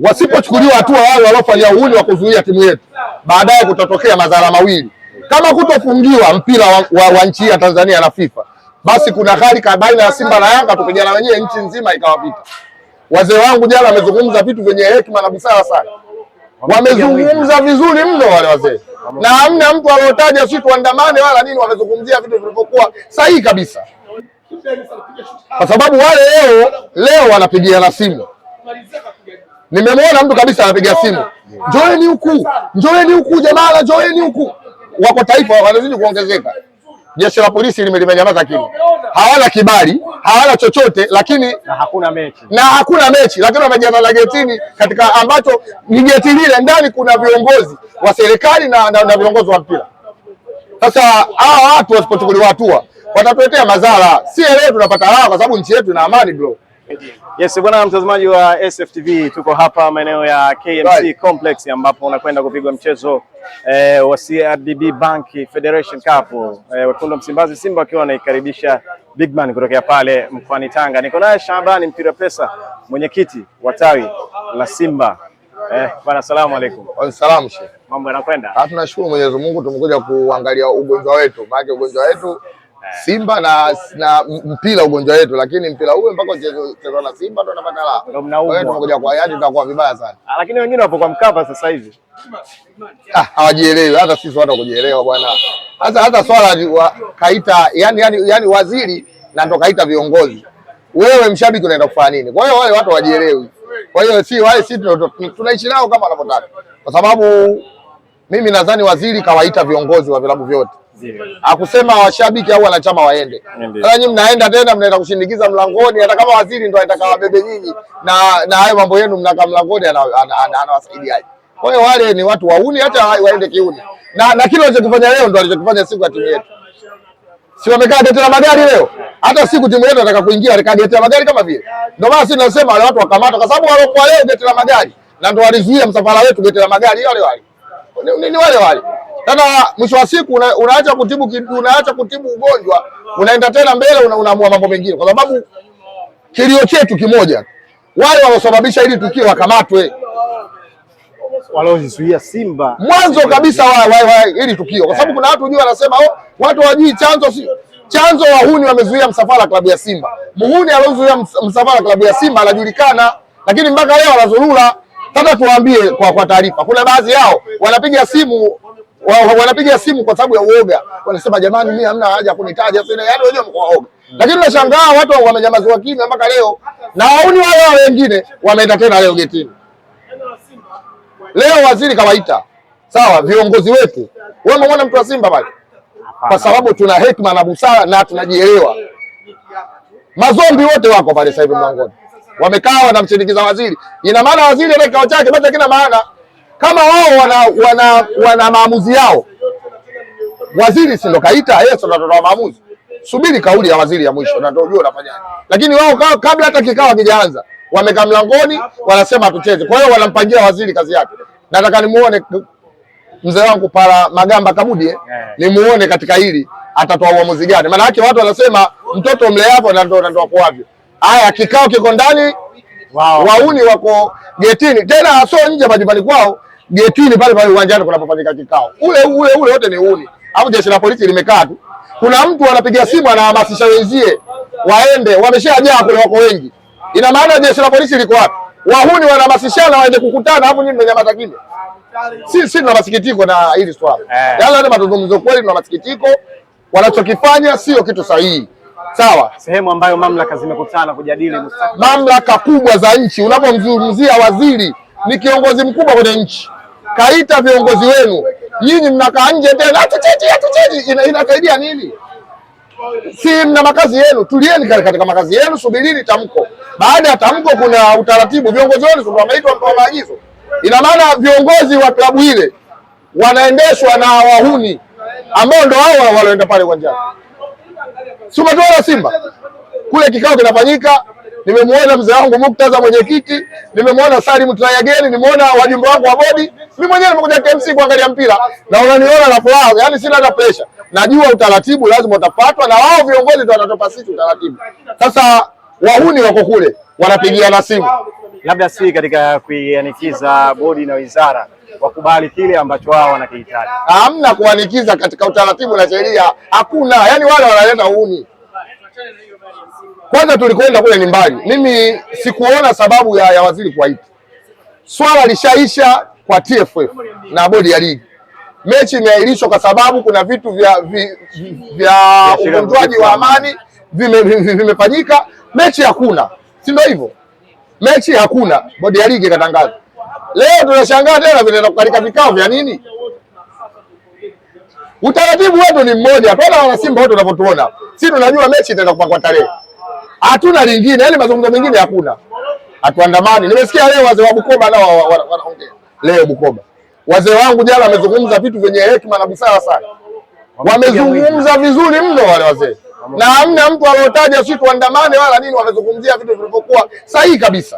Wasipochukuliwa hatua wale waliofanya uhuni wa kuzuia timu yetu, baadaye kutatokea madhara mawili. Kama kutofungiwa mpira wa, wa, wa nchi ya Tanzania na FIFA, basi kuna hali baina ya Simba na Yanga, tupigana wenyewe nchi nzima ikawapita Wazee wangu jana wamezungumza vitu vyenye hekima na busara sana, wamezungumza vizuri mno wale wazee, na hamna mtu aliotaja si tuandamane wala nini, wamezungumzia vitu vilivyokuwa sahihi kabisa, kwa sababu wale leo leo wanapigiana simu Nimemwona mtu kabisa anapiga simu, ah. njoeni huku, njoeni huku jamaa, njoeni huku. Wako taifa wanazidi kuongezeka. Jeshi la polisi limenyamaza kimya, hawana kibali, hawana chochote, lakini na hakuna mechi, na hakuna mechi, lakini wamejazana getini, katika ambacho ni geti lile ndani kuna viongozi wa serikali na, na, na viongozi wa mpira. Sasa hawa watu wasipochukuliwa hatua watatuletea madhara, si leo tunapata raha, kwa sababu nchi yetu ina amani bro. Yes, bwana mtazamaji wa SFTV, tuko hapa maeneo ya KMC right, Complex ambapo unakwenda kupigwa mchezo eh, wa CRDB Bank Federation Cup eh, wekundu Msimbazi Simba wakiwa wanaikaribisha Man kutokea pale mkoani Tanga. Niko naye Shabani Mpira Pesa, mwenyekiti wa tawi la Simba. Eh, bwana salamu Wa Waalaikumsalam. Sheikh, mambo yanakwenda? Ah, tunashukuru Mwenyezi Mungu, tumekuja kuangalia ugonjwa wetu, maana ugonjwa wetu Simba na, na mpira ugonjwa wetu, lakini mpira huu mpaka uchezwa na Simba ndo unapata la. Kwa hiyo tumekuja kwa yani tutakuwa vibaya sana. Ah, Lakini wengine wapo kwa Mkapa sasa hivi. Ah, hawajielewi hata sisi watu kujielewa bwana. Hata hata swala wa, kaita yani, yani, yani waziri na ndo kaita viongozi. Wewe mshabiki unaenda kufanya nini? Kwa hiyo wale watu hawajielewi. Kwa hiyo si wale sisi tunaishi nao kama wanavyotaka. Kwa sababu mimi nadhani waziri kawaita viongozi wa vilabu vyote akusema washabiki au wanachama waende. Sasa nyinyi mnaenda tena mnaenda kushindikiza mlangoni, hata kama waziri ndo anataka wabebe nyinyi na na hayo mambo yenu mnakaa mlangoni, anawasaidiaje? Kwa hiyo wale ni watu wauni, hata waende kiuni. Na na kile walichokifanya leo ndo walichokifanya siku ya timu yetu. Si wamekaa geti la magari leo? Hata siku timu yetu nataka kuingia walikaa geti la magari kama vile. Ndio maana sisi tunasema wale watu wakamatwa kwa sababu waliokuwa leo geti la magari na ndio walizuia msafara wetu geti la magari wale wale. Ni wale wale. Sasa mwisho wa siku una, unaacha kutibu unaacha kutibu ugonjwa unaenda tena mbele unaamua mambo mengine, kwa sababu kilio chetu kimoja, wale waliosababisha hili tukio wakamatwe, waliozuia Simba mwanzo kabisa wa, wa, wa hili tukio, kwa sababu kuna watu unajua wanasema oh, watu wajui chanzo si chanzo wahuni wamezuia msafara klabu ya Simba. Muhuni aliozuia msafara klabu ya Simba anajulikana, lakini mpaka leo wanazurura. Sasa tuwaambie kwa, kwa taarifa, kuna baadhi yao wanapiga simu wanapiga simu kwa sababu ya uoga, wanasema jamani, mimi hamna haja kunitaja sasa, yaani wenyewe mko waoga. Mm. Lakini nashangaa watu wamenyamazwa kimya mpaka leo, na wauni wale wengine wameenda tena leo getini. Leo waziri kawaita, sawa, viongozi wetu. Wewe umeona mtu wa Simba pale, kwa sababu tuna hekima na busara na tunajielewa. Mazombi wote wako pale sasa hivi mlangoni, wamekaa wanamshinikiza waziri. Ina maana waziri ile kikao chake basi kina maana kama wao wana, wana, wana maamuzi yao. Waziri si ndo kaita yeye, ndo anatoa maamuzi. Subiri kauli ya waziri ya mwisho, na ndio ujue unafanyaje. Lakini wao kabla hata kikao hakijaanza wamekaa mlangoni, wanasema hatucheze. Kwa hiyo wanampangia waziri kazi yake. Nataka nimuone mzee wangu Pala Magamba Kabudi, eh? nimuone katika hili atatoa uamuzi gani? Maana yake watu wanasema mtoto mle hapo na ndio ndio kwavyo. Haya, kikao kiko ndani, wow. Wauni wako getini tena, sio nje majumbani kwao getini pale pale uwanjani kunapofanyika kikao, ule ule ule wote ni uni, au jeshi la polisi limekaa tu. Kuna mtu anapiga simu anahamasisha wenzie waende, wameshajaa kule, wako wengi. Ina maana jeshi la polisi liko wapi? Wahuni wanahamasishana waende kukutana, hapo nyinyi mmenyamaza kimya. si tuna masikitiko na hili swala eh. Yale yaani ndio mazungumzo kweli, tuna masikitiko, wanachokifanya sio kitu sahihi. Sawa, sehemu ambayo mamlaka zimekutana kujadili mustakabali, mamlaka kubwa za nchi. Unapomzungumzia waziri, ni kiongozi mkubwa kwenye nchi kaita viongozi wenu, nyinyi mnakaa nje tena hatuchezi hatuchezi. Ina, inasaidia nini? Si mna makazi yenu, tulieni katika makazi yenu, subirini tamko. Baada ya tamko, kuna utaratibu. Viongozi wenu wameitwa kwa maagizo. Ina maana viongozi wa klabu ile wanaendeshwa na wahuni ambao ndo hao waloenda pale uwanjani. Si umetuona Simba kule, kikao kinafanyika nimemwona mzee wangu Muktaza, mwenyekiti, nimemwona Salim Tunayageni, nimeona wajumbe wangu wa bodi, mimi mwenyewe nimekuja KMC kuangalia mpira na unaniona na furaha, yani sina hata pressure. Najua utaratibu lazima utafuatwa na wao viongozi ndio watatupa sisi utaratibu. Sasa wahuni wako kule wanapigiana simu, labda si katika kuianikiza bodi na wizara wakubali kile ambacho wao wanakihitaji. Hamna kuanikiza katika utaratibu na sheria, hakuna. Yani wale wanaleta uhuni kwanza tulikwenda kule ni mbali, mimi sikuona sababu ya, ya waziri kuwaita. Swala lishaisha kwa TFF na bodi ya ligi. Mechi imeahirishwa kwa sababu kuna vitu vya vi, vya ugonjwaji wa amani vimefanyika, vime mechi hakuna, si ndio hivyo? Mechi hakuna, bodi ya ligi ikatangaza. Leo tunashangaa tena vinaenda kukalika vikao vya nini? Utaratibu wetu ni mmoja. Tuona wana Simba wote tunavyotuona. Sisi tunajua mechi itaenda kwa tarehe. Hatuna lingine, yaani mazungumzo mengine hakuna. Hatuandamani. Nimesikia leo wazee wa Bukoba nao wanaongea. Leo Bukoba. Wazee wangu jana wamezungumza vitu vyenye hekima na busara sana. Wamezungumza vizuri mno wale wazee. Na hamna mtu aliyotaja sisi tuandamane wala nini, wamezungumzia vitu vilivyokuwa sahihi kabisa.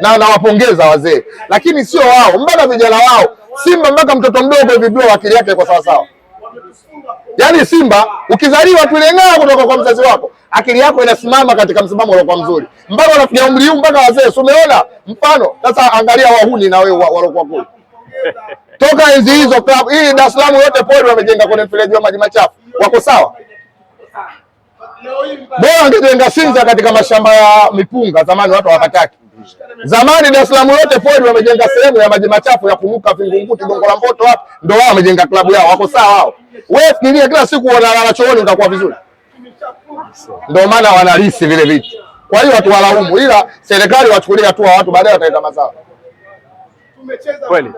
Na nawapongeza wazee. Lakini sio wao, mbona vijana wao Simba mpaka mtoto mdogo hivi blow akili yake kwa sawa sawa. Yaani Simba ukizaliwa tu ileng'aa kutoka kwa mzazi wako, akili yako inasimama katika msimamo uliokuwa mzuri, mpaka unafikia umri huu, mpaka wazee. Si umeona mfano? Sasa angalia wahuni na wewe waliokuwa kule toka enzi hizo, klabu hii Dar es Salaam yote pori wamejenga kwenye mfereji wa maji machafu, wako sawa? Bora angejenga Sinza katika mashamba ya mipunga, zamani watu hawapataki Zamani Dar es Salaam yote pori wamejenga sehemu ya maji machafu ya kumuka Vingunguti, Gongo la Mboto hapo ndio wao wamejenga klabu yao, wako sawa wao. Wewe fikiria kila siku wanalala chooni utakuwa vizuri. Ndio maana wanalisi vile vitu. Kwa hiyo watu walaumu, ila serikali wachukulia hatua watu, baadaye wataenda mazao. Kweli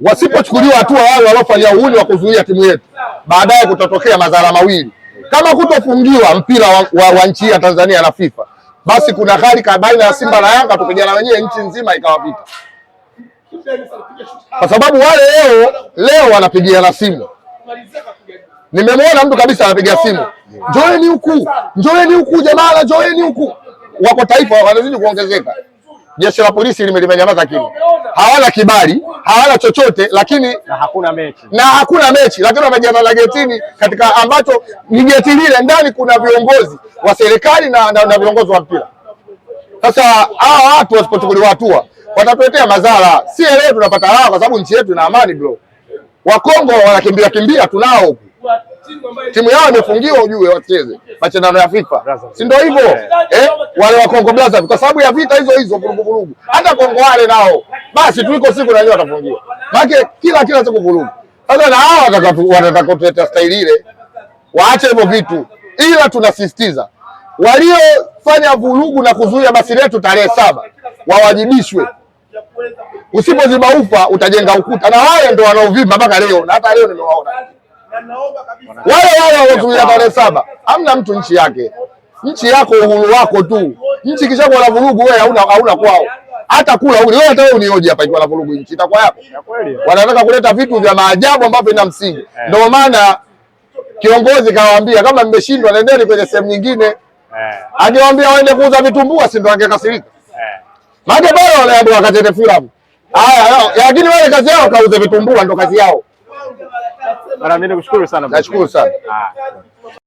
wasipochukuliwa hatua wale waliofanya uhuni wa kuzuia timu yetu, baadaye kutotokea madhara mawili, kama kutofungiwa mpira wa, wa, wa nchi ya Tanzania na FIFA basi kuna hali baina ya Simba na Yanga tupigana wenyewe nchi nzima ikawapita, kwa sababu wale leo leo wanapigiana simu. Nimemwona mtu kabisa anapiga simu, njoeni huku, njoeni huku, jamaa, njoeni huku. Wako taifa wanazidi kuongezeka jeshi la polisi limenyamaza kimya, hawana kibali, hawana chochote, lakini na hakuna mechi, na hakuna mechi, lakini wamejamaa getini, katika ambacho ni geti lile ndani kuna viongozi wa serikali na, na, na viongozi wa mpira. Sasa hawa watu wasipochukuliwa hatua watatuletea madhara, si leo tunapata raha, kwa sababu nchi yetu ina amani bro. Wakongo wanakimbia kimbia tunao timu yao imefungiwa, ujue wacheze mashindano ya FIFA, si ndio hivyo eh? Wale wa Kongo Brazza kwa sababu ya vita hizo hizo, vurugu vurugu, hata Kongo wale nao basi, tuliko siku na leo watafungiwa, maana kila kila siku vurugu. Sasa na hao wanataka kuleta staili ile, waache hivyo vitu, ila tunasisitiza waliofanya vurugu na kuzuia basi letu tarehe saba wawajibishwe. Usipoziba ufa utajenga ukuta, na wale ndio wanaovimba mpaka leo, na hata leo nimewaona wale wale waliotumia tarehe saba. Hamna mtu nchi yake, nchi yako uhuru wako tu. Nchi ikishakuwa na vurugu, wewe hauna hauna kwao hata kula uli wewe, hata wewe unioje hapa, ikiwa na vurugu nchi itakuwa yako? Wanataka kuleta vitu vya maajabu ambavyo ina msingi yeah. Ndio maana kiongozi kawaambia kama mmeshindwa, nendeni kwenye sehemu nyingine yeah. Angewaambia waende kuuza vitumbua, si ndio angekasirika yeah. Maana bado wanaambiwa wakatete filamu haya, lakini wale kazi yao kauze vitumbua, ndio kazi yao. Bana, mimi nikushukuru sana. Nashukuru sana. Ah.